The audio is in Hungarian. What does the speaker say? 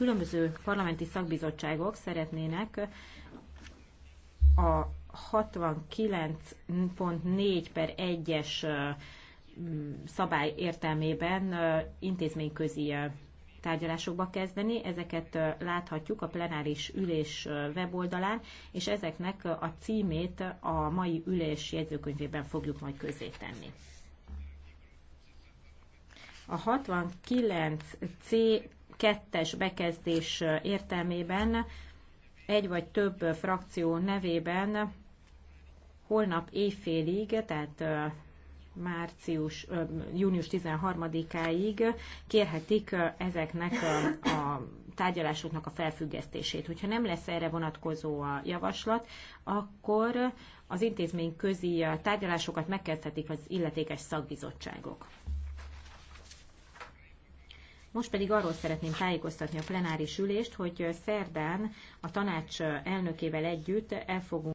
különböző parlamenti szakbizottságok szeretnének a 69.4 per 1-es mm, szabály értelmében intézményközi tárgyalásokba kezdeni. Ezeket láthatjuk a plenáris ülés weboldalán, és ezeknek a címét a mai ülés jegyzőkönyvében fogjuk majd tenni. A 69C kettes bekezdés értelmében egy vagy több frakció nevében holnap éjfélig, tehát március, június 13-áig kérhetik ezeknek a, a tárgyalásoknak a felfüggesztését. Hogyha nem lesz erre vonatkozó a javaslat, akkor az intézmény közi tárgyalásokat megkezdhetik az illetékes szakbizottságok. Most pedig arról szeretném tájékoztatni a plenáris ülést, hogy szerdán a tanács elnökével együtt el fogunk